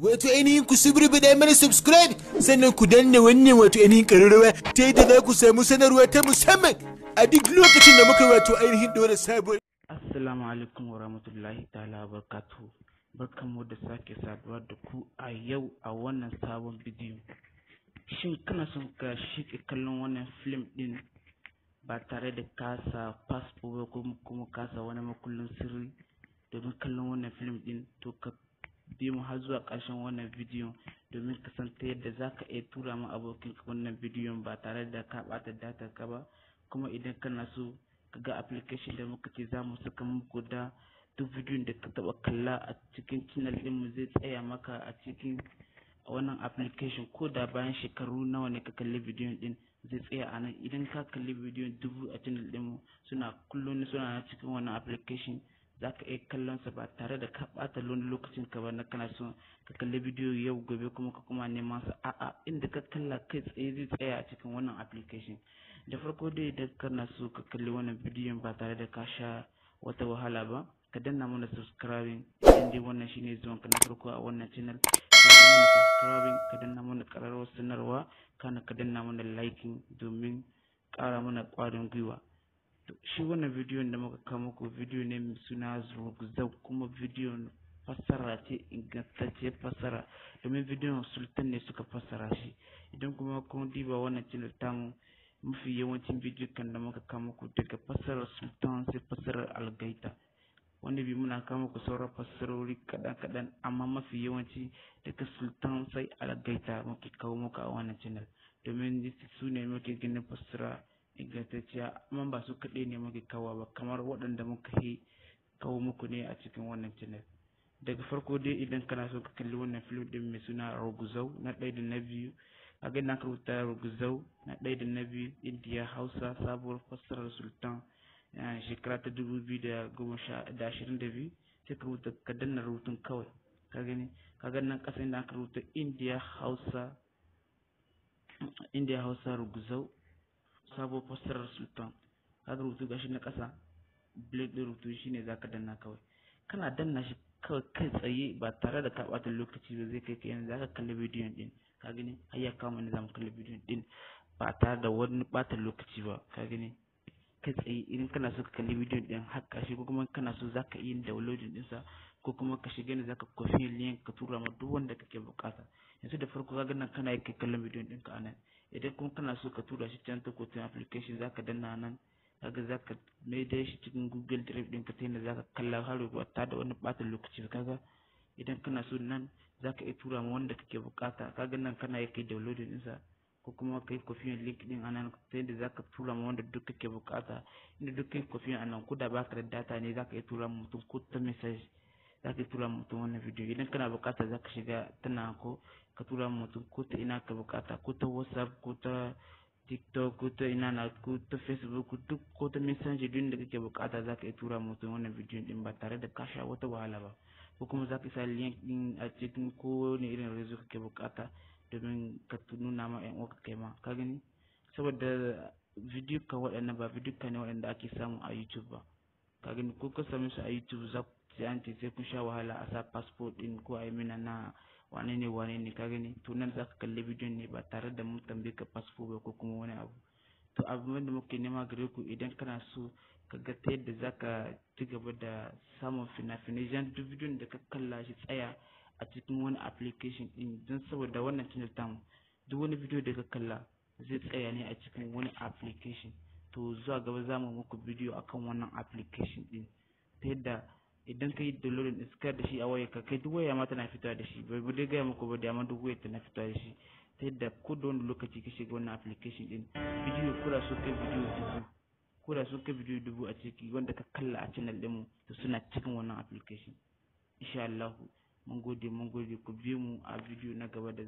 wato ainihin ku subribiɗa mana subscribe sannan ku danna wannan wato ainihin ƙararrawa ta yadda za ku samu sanarwa ta musamman a duk lokacin da muka wato ainihin ɗora sabuwar. assalamu alaikum wa rahmatullahi ta'ala wa barkatu barkanmu da sake saduwa da ku a yau a wannan sabon bidiyo shin kana son ka shiƙe kallon wannan film ɗin ba tare da kasa fasfo ba kuma kasa wani makullin sirri domin kallon wannan film ɗin to ka bi mu har zuwa ƙarshen wannan bidiyon domin ta yadda za ka iya tura ma abokin wannan bidiyon ba tare da ka bata data ka ba kuma idan kana so ka ga application da muka ce za mu saka muku da duk bidiyon da ka taɓa kalla a cikin channel mu zai tsaya maka a cikin wannan application ko da bayan shekaru nawa ne ka kalli bidiyon ɗin zai tsaya a nan idan ka kalli bidiyon dubu a channel mu suna kullum suna cikin wannan application za ka iya kallon sa ba tare da ka ɓata lokacin ka ba na kana so ka kalli bidiyo yau gobe kuma ka kuma neman sa a'a inda ka kalla kai tsaye zai tsaya a cikin wannan application da farko dai da kana so ka kalli wannan bidiyon ba tare da ka sha wata wahala ba ka danna mana subscribing idan dai wannan shine zuwan ka na farko a wannan channel ka danna mana subscribing ka danna mana ƙararrawar sanarwa kana ka danna mana liking domin ƙara mana ƙwarin gwiwa shi wannan bidiyon da muka kawo muku bidiyo ne mai suna zurgzau kuma bidiyon fassara ce ingantacce fassara domin bidiyon sultan ne suka fassara shi idan kuma kun diba wannan channel tamu mafi yawancin bidiyon da muka kawo muku daga fassarar sultan sai fassarar algaita wanda bi muna kawo muku sauran fassarori kaɗan-kaɗan amma mafi yawanci daga sultan sai algaita muke kawo muku a wannan channel domin su ne muke ganin fassara ingantacciya amma ba su kaɗai ne muke kawo ba kamar waɗanda muka yi kawo muku ne a cikin wannan channel daga farko dai idan kana so ka kalli wannan film din mai suna Roguzau na ɗaya da na biyu a ga na rubuta Roguzau na ɗaya da na biyu indiya hausa sabuwar fassarar sultan shekara ta dubu biyu da goma sha da ashirin da biyu sai ka rubuta ka danna rubutun kawai ka gani ka ga nan ƙasa inda aka rubuta indiya hausa indiya hausa ruguzau sabo fassarar sultan ka rubutu gashi na ƙasa blade ɗin rubutu za zaka danna kawai kana danna shi kawai kai tsaye ba tare da ka ɓata lokaci ba zai kai ka yanzu ka kalli bidiyon ɗin ka gani har ya kama ne kalli bidiyon ɗin ba tare da wani ɓata lokaci ba ka gani kai tsaye idan kana so ka kalli bidiyon ɗin har ƙarshe ko kuma kana so za ka iya downloading ɗinsa ko kuma ka shiga ne zaka ka kofi link ka tura ma duk wanda kake bukata yanzu da farko ka nan kana yake kallon bidiyon din ka anan idan kuma kana so ka tura shi can ta kotun application za ka danna nan kaga za ka mai da shi cikin google drive din ka ta zaka za ka kalla har ba ta da wani batun lokaci kaga idan kana so nan za iya tura ma wanda kake buƙata kaga nan kana yake kai downloading ɗinsa ko kuma ka yi kofiyin link din anan sai da zaka tura ma wanda duk kake bukata inda duk kai kofin anan ko da ba da data ne za ka iya tura mutum ko ta message za ka tura mutum wannan video idan kana bukata za shiga tana ko ka tura mutum ko ta ina ka bukata ko ta whatsapp ko ta tiktok ko ta ina na ko ta facebook duk ko ta message duk da kake bukata za ka iya tura mutum wannan video din ba tare da ka sha wata wahala ba ko kuma za ka sa link din a cikin ne irin rezo kake bukata domin ka nuna ma yan uwanka kai ma ka gani saboda ka waɗannan ba ka ne waɗanda ake samu a YouTube ba ka gani ko ka same su a YouTube za sai an ce sai kun sha wahala a sa passport din ko a yi mina na wane ne wane ne ka gani to nan za ka kalli bidiyon ne ba tare da mun tambaye ka passport ba ko kuma wani abu to abu da muke nema gare ku idan kana so ka ga ta yadda za ka ci gaba da samun fina-finai jan duk bidiyon da ka kalla shi tsaya a cikin wani application din don saboda wannan channel tamu duk wani video da ka kalla zai tsaya ne a cikin wani application to zuwa gaba za mu muku video akan wannan application din ta yadda idan ka yi downloading din suka da shi a waya kai duk waya ma tana fitowa da shi bai bude gaya muku ba da amma duk waya tana fitowa da shi ta yadda ko da wani lokaci ka shiga wannan application din video kura so kai video dubu kura so kai video dubu a ciki wanda ka kalla a channel din mu to suna cikin wannan application insha Allah mun gode mun gode ku bi mu a bidiyo na gaba da